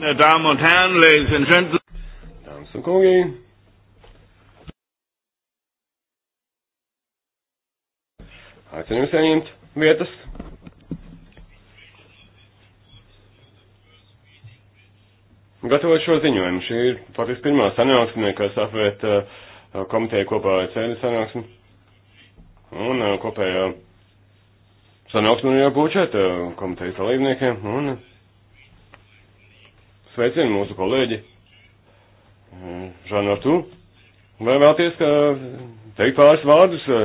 Meine Damen und Herren, Ladies and Gentlemen. Dāmas un kungi. Aicinu jūs ieņemt vietas. Gatavot šo ziņojumu, šī ir faktiski pirmā sanāksme, kas apvērt uh, eh, komiteju kopā ar ceļu sanāksmi. Un uh, kopējā sanāksme ir jābūt šeit uh, komitejas dalībniekiem. Un, uh, Sveicinu mūsu kolēģi Žanu Artu. Vai vēlties teikt pāris vārdus eh,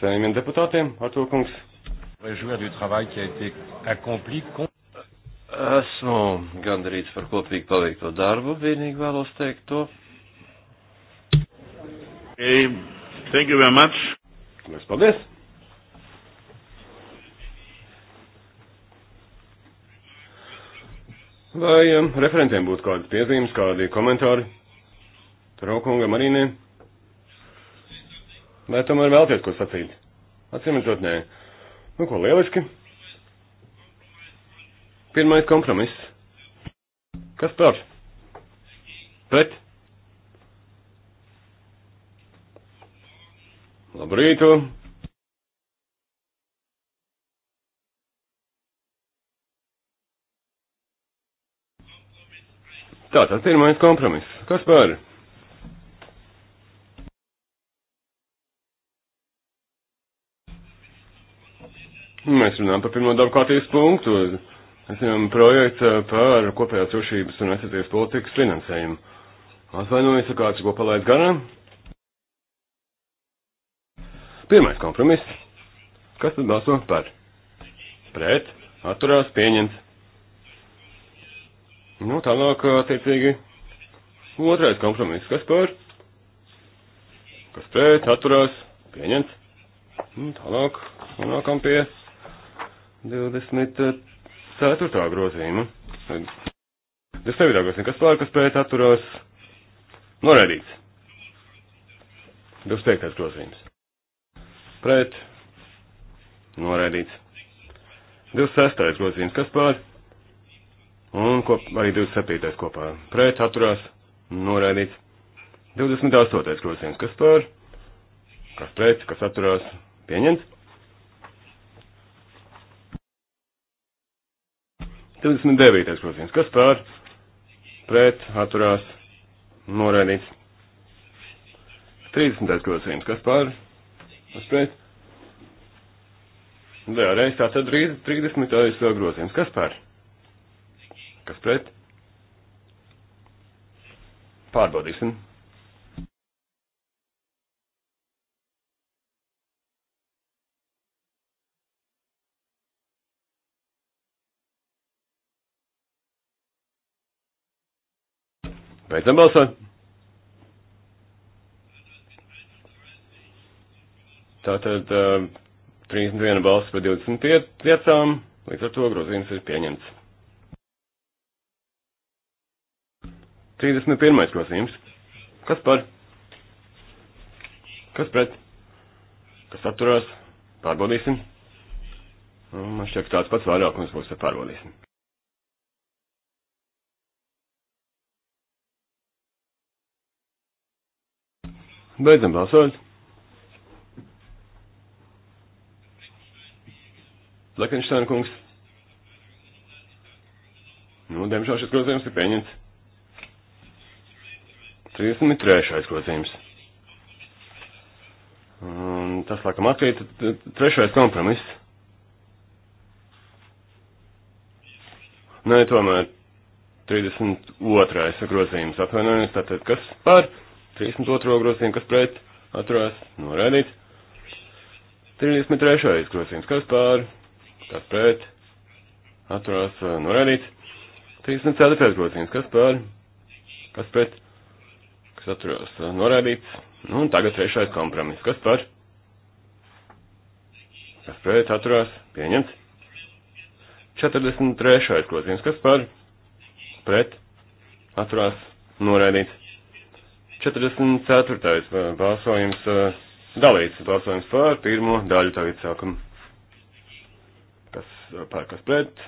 cenījumiem deputātiem, Artu kungs? Esmu gandarīts par kopīgi paveikto darbu, vienīgi vēlos teikt to. Hey, thank you very much. Mēs paldies. Vai um, referentiem būtu kādas piezīmes, kādi komentāri? Traukunga, Marīnē? Vai tomēr vēlties ko sacīt? Atsimtot, nē. Nu, ko lieliski. Pirmais kompromiss. Kas par? Pret? Labrītu! Tātad pirmais kompromiss. Kas par? Mēs runājam par pirmo darbu kārtības punktu. Mēs zinām projektu eh, par kopējās drošības un aizsardzības politikas finansējumu. Atvainojos, ka kāds ko palaid garām. Pirmais kompromiss. Kas tad balso par? Pret. Atturās pieņemts. Nu, tālāk, attiecīgi, otrais kompromiss, kas par, kas pret, atturās, pieņemts. Nu, tālāk, nonākam pie 24. grozījuma. 29. grozījuma, kas pār, kas pret, atturās, noraidīts. 25. grozījums. Pret, noraidīts. 26. grozījums, kas pār, Un kop, arī 27. kopā pret atturās noraidīts. 28. grozījums, kas par, kas pret, kas atturās pieņemts. 29. grozījums, kas par, pret, atturās noraidīts. 30. grozījums, kas par, kas pret. Vēlreiz tātad 30. grozījums, kas par. Kas pret? Pārbaudīsim. Beidzam balsot. Tātad uh, 31 balss par 25, līdz ar to grozījums ir pieņemts. 31. grozījums. Kas par? Kas pret? Kas atturās? Pārbaudīsim. Nu, man šķiet, ka tāds pats vairākums būs, tad pārbaudīsim. Beidzam balsot. Lekenštāna kungs. Nu, diemžēl šis grozījums ir pieņemts. 33. grozījums. Un tas, laikam, atkrīt trešais kompromiss. Nē, tomēr 32. grozījums atvainojas, tātad kas par 32. grozījumu, kas pret atturās, noraidīt. 33. grozījums, kas par, kas pret atturās, noraidīt. 34. grozījums, kas par, kas pret kas atturās norādīts. Nu, un tagad trešais kompromiss. Kas par? Kas pret atturās? Pieņemts. 43. grozījums. Kas par? Pret atturās norādīts. 44. balsojums dalīts. Balsojums par pirmo daļu tagad sākam. Kas par kas pret?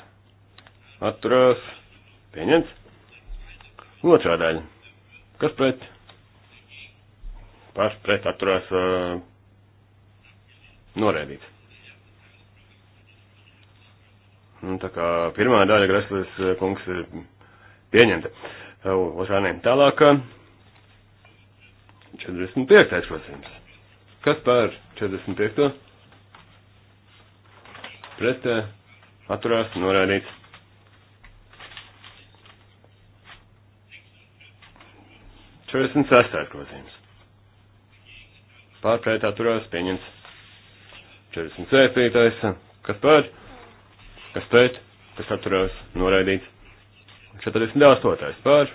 Atturās. Pieņemts. Otrā daļa. Kas pret? par pret atturās norēdīt. Nu, tā kā pirmā daļa Greslis kungs ir pieņemta. Otrā nē. Tālāk 45. procents. Kas par 45. pret atturās norēdīts. 46. grozījums pārpretā turās pieņems 47. kas pār, kas pret, kas atturās noraidīts 48. pār,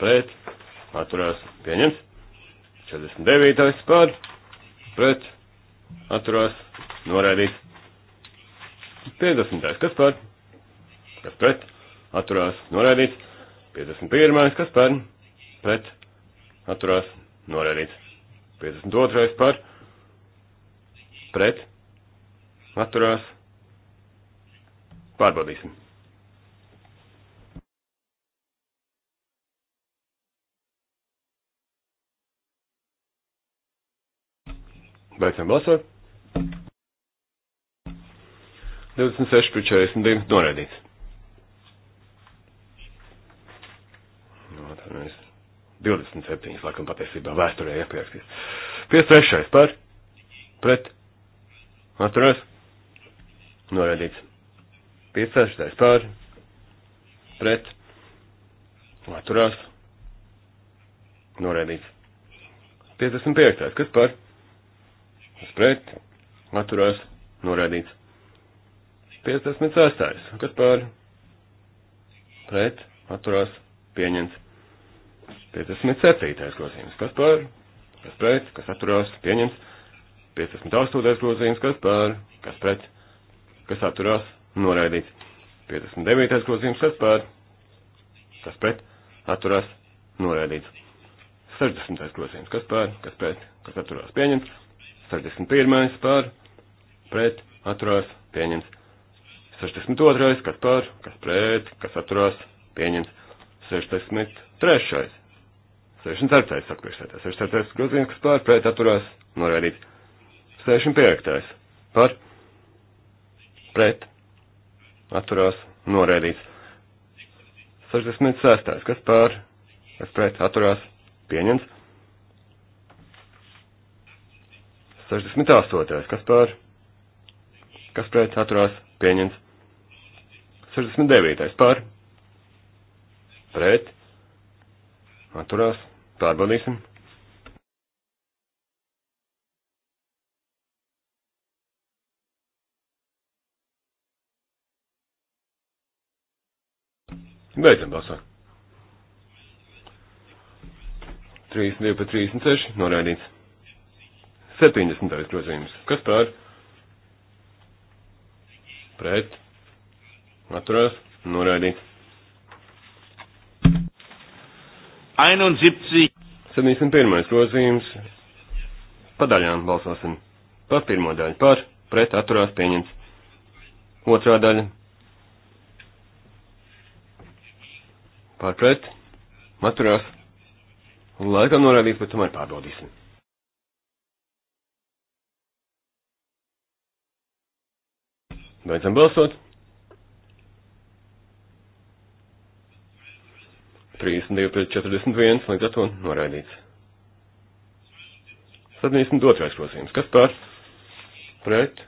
pret, atturās pieņems 49. pār, pret, atturās noraidīts 50. kas pār, kas pret, atturās noraidīts 51. kas pār, pret, atturās noraidīts 52. par pret atturās pārbaudīsim. Beidzam balsot. 26 pret 42 noraidīts. No, nu, tā mēs 27, laikam patiesībā vēsturē iepriekšīs. 53. par, pret, atturēs, noraidīts. 56. par, pret, atturās, noraidīts. 55. kas par, kas pret, atturās, noraidīts. 56. kas par, pret, atturās, pieņemts. 57. grozījums, kas par, kas pret, kas atturās, pieņems. 58. grozījums, kas par, kas pret, kas atturās, noraidīts. 59. grozījums, kas par, kas pret, atturās, noraidīts. 60. grozījums, kas par, kas pret, kas atturās, pieņemts. 61. par, pret, atturās, pieņemts. 62. kas par, kas pret, kas atturās, pieņemts. 63. 64. saka priekšsēdētājs. 64. grozījums, kas pār pret atturās norādīts. 65. par pret atturās norādīts. 66. kas pār kas pret atturās pieņems. 68. kas pār kas pret atturās pieņems. 69. par pret atturās Pārbaudīsim. Beidzam balsot. 32 pēc 36 noraidīts. 70. grozījums. Kas pār? Pret. Atturās. Noraidīts. 71. 71. grozījums. Padaļām balsosim. Par pirmo daļu. Par, pret, atturās, pieņemts. Otrā daļa. Par, pret, atturās. Laikam norādīts, bet tomēr pārbaudīsim. Beidzam balsot. 32 pret 41, līdz ar to noraidīts. 72. grozījums. Kas par? Pret,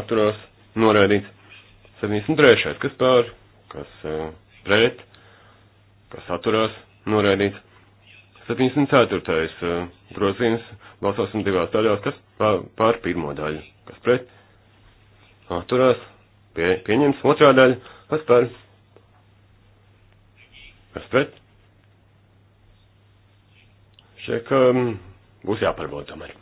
atturās, noraidīts. 73. Kas par? Kas uh, pret, kas atturās, noraidīts. 74. Uh, e, grozījums. Balsosim divās daļās. Kas par, par pirmo daļu? Kas pret? Atturās. Pie, pieņems otrā daļa. Kas par? Kas pret? Šķiet, ka būs jāparbauda tomēr.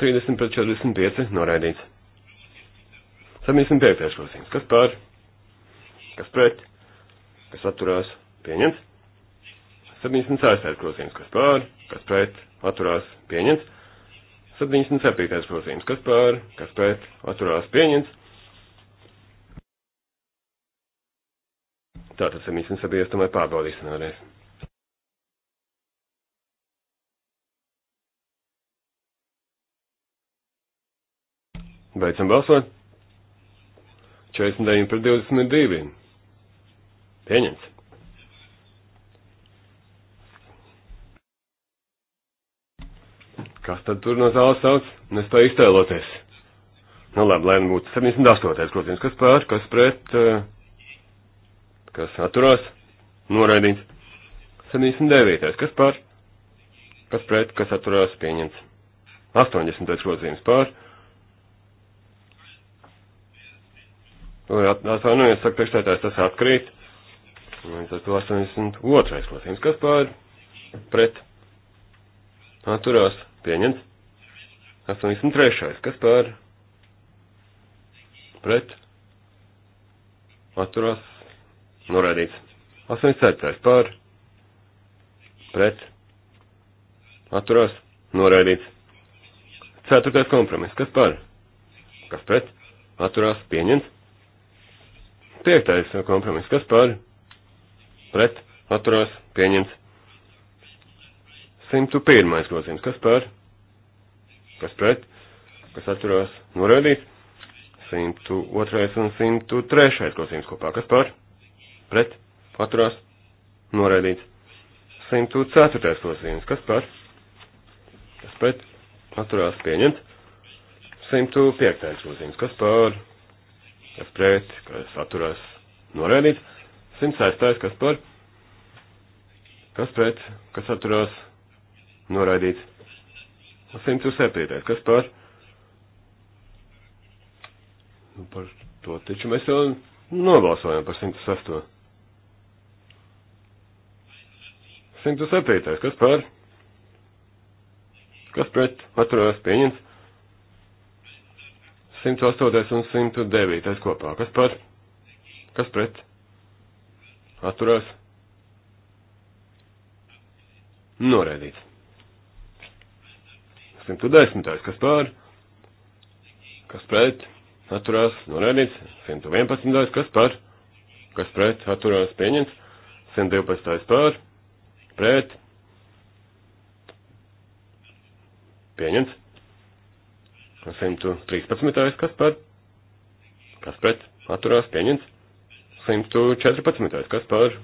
Trīsdesmit pret četrdesmit pieci noraidīts. Septiņdesmit piektais klausījums. Kas pār? Kas pret? Kas atturās? Pieņemts. Septiņdesmit sestais klausījums. Kas pār? Kas pret? Atturās? Pieņemts. 77. grozījums, kas pār, kas pret, atturās pieņemts, Tātad 77. tomēr pārbaudīsim vēlreiz. Beidzam balsot. 49 par 22. Pieņemts. Kas tad tur no zāles sauc? Nespēju iztēloties. Nu labi, lai nu būtu 78. grozījums, kas pār, kas pret, uh, kas atturās, noraidīts. 79. kas par, kas pret, kas atturās, pieņemts. 80. grozījums par. Nu, atvainojiet, saka priekšstādājs, tas atkrīt. Līdz ar to 82. grozījums, kas par, pret, atturās, pieņemts. 83. kas par, pret, atturās, Norādīts. 84. par. Pret. Atturās. Norādīts. 4. kompromiss. Kas par? Kas pret? Atturās. Pieņemts. 5. kompromiss. Kas par? Pret. Atturās. Pieņemts. 101. grozījums. Kas par? Kas pret? Kas atturās? Norādīts. 102. un 103. grozījums kopā. Kas par? pret, atturās, noraidīts. 104. grozījums, kas par, kas pret, atturās, pieņemts. 105. grozījums, kas par, kas pret, kas atturās, noraidīts. 106. kas par, kas pret, kas atturās, noraidīts. 107. kas par, nu par to taču mēs jau nobalsojām par 106. 107. Kas par? Kas pret? Atturās pieņemts. 108. un 109. kopā. Kas par? Kas pret? Atturās. Noraidīts. 110. Kas par? Kas pret? Atturās. Noraidīts. 111. Kas par? Kas pret? Atturās. Pieņemts. 112. par? pret, pieņemts. 113. kas par, kas pret, atturās, pieņemts. 114. kas par,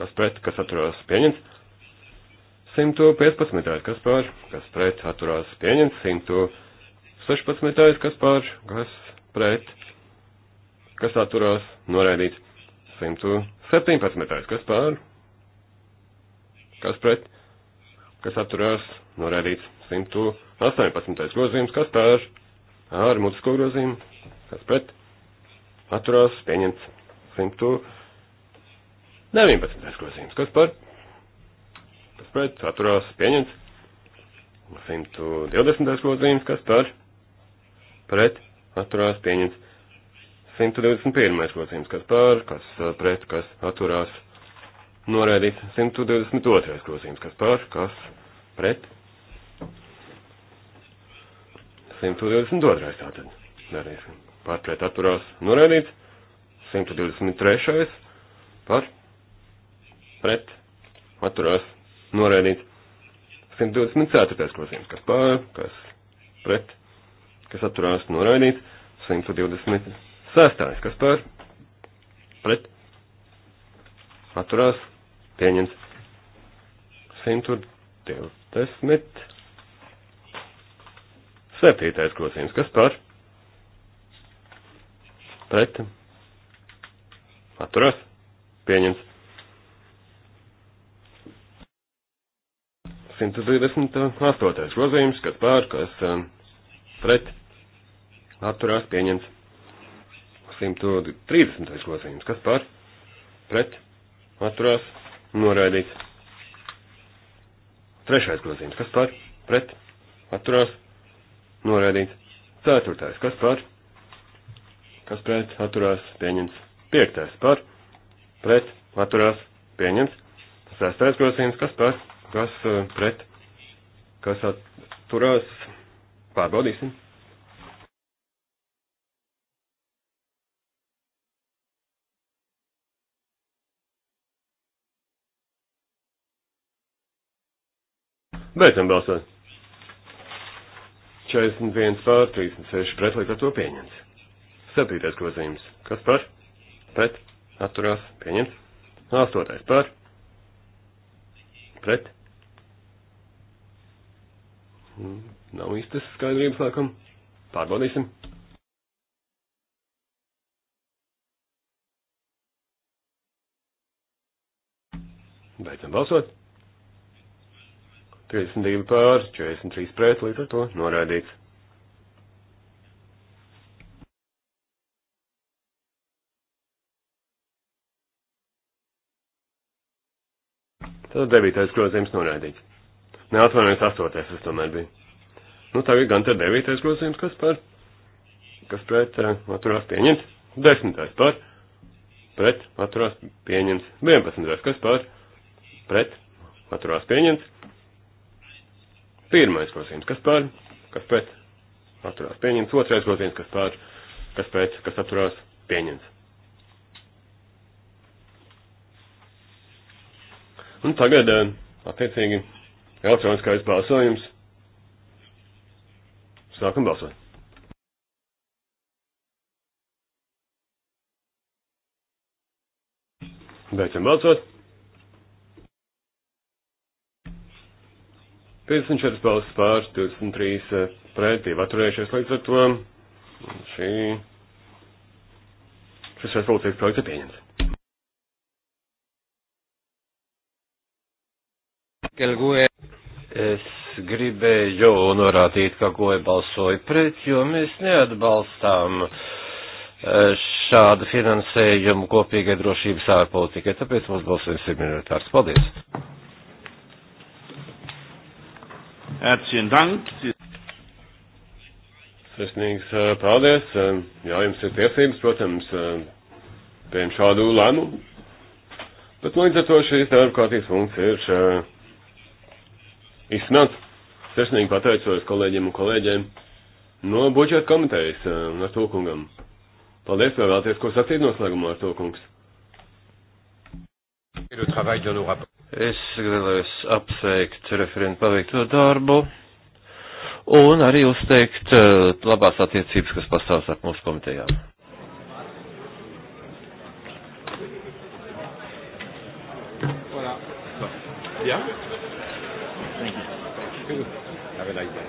kas pret, kas atturās, pieņemts. 115. kas pār, kas pret atturās pieņemt, 116. kas pār, kas pret, kas atturās noraidīts, 117. kas pār, Kas pret? Kas atturās? Norēdīts 118. grozījums. Kas pār? Ar mutisko grozījumu. Kas pret? Atturās pieņemts 119. grozījums. Kas par? Kas pret? Atturās pieņemts 120. grozījums. Kas par? Pret? Atturās pieņemts 121. grozījums. Kas par? Kas uh, pret? Kas atturās pieņemts? noraidīts 122. grozījums, kas par, kas pret. 122. tātad. Darīsim. Par pret atturās noraidīts. 123. par pret atturās noraidīts. 124. grozījums, kas par, kas pret, kas atturās noraidīts. 126. kas par pret atturās noraidīts pieņems 120. Septītais grozījums, kas par? Pret. Atturās. Pieņems. 128. grozījums, kas pār, kas um, pret. Atturās. Pieņems. 130. grozījums, kas pār, pret. Atturās. Noraidīts. Trešais grozījums. Kas par? Pret. Atturās. Noraidīts. Ceturtais. Kas par? Kas pret? Atturās. Pieņemts. Piektais. Par. Pret. Atturās. Pieņemts. Sestais grozījums. Kas par? Kas eh, pret? Kas atturās? Pārbaudīsim. Beidzam balsot. 41 pār 36 pret, līdz ar to pieņemts. Septītais grozījums. Kas par? Pret. Atturās. Pieņemts. Astotais par. Pret. Nav īstas skaidrības laikam. Pārbaudīsim. Beidzam balsot. 32 pār, 43 pret, līdz ar to norādīts. Tad devītais grozījums norādīts. Neatvainojos astotais, es tomēr biju. Nu, tagad gan te devītais grozījums, kas par, kas pret uh, atturās pieņemts. Desmitais par, pret atturās pieņemts. Vienpadsmitais, kas par, pret atturās pieņemts. Pirmais grozījums, kas par, kas pret, atturās pieņemts. Otrais grozījums, kas par, kas pret, kas atturās pieņemts. Un tagad, eh, attiecīgi, elektroniskais balsojums. Sākam balsot. Beidzam balsot. 54 balsts pār, 23 eh, pretī, atturējušies līdz ar to. Šī, šis rezolūcijas projekts ir pieņemts. Es gribēju norādīt, ka goja balsoja pret, jo mēs neatbalstām eh, šādu finansējumu kopīgai drošības ārpolitikai, tāpēc mūsu balsojums ir minoritārs. Paldies! Herzlichen Dank. Sirsnīgs paldies. Jā, jums ir tiesības, protams, pieņemt šādu lēmumu. Bet nu, līdz ar to šīs darba kārtības funkcija ir izsnāts. Sirsnīgi pateicos kolēģiem un kolēģiem no budžeta komitejas ar to kungam. Paldies, vēl vēlties, ko sacīt noslēgumā ar to kungs. Et le travail de nos rapports. Es vēlējos apsveikt referentu paveikto darbu un arī uzteikt eh, labās attiecības, kas pastāv starp mūsu komitejām. Voilà. Ja? Thank you. Have a nice day.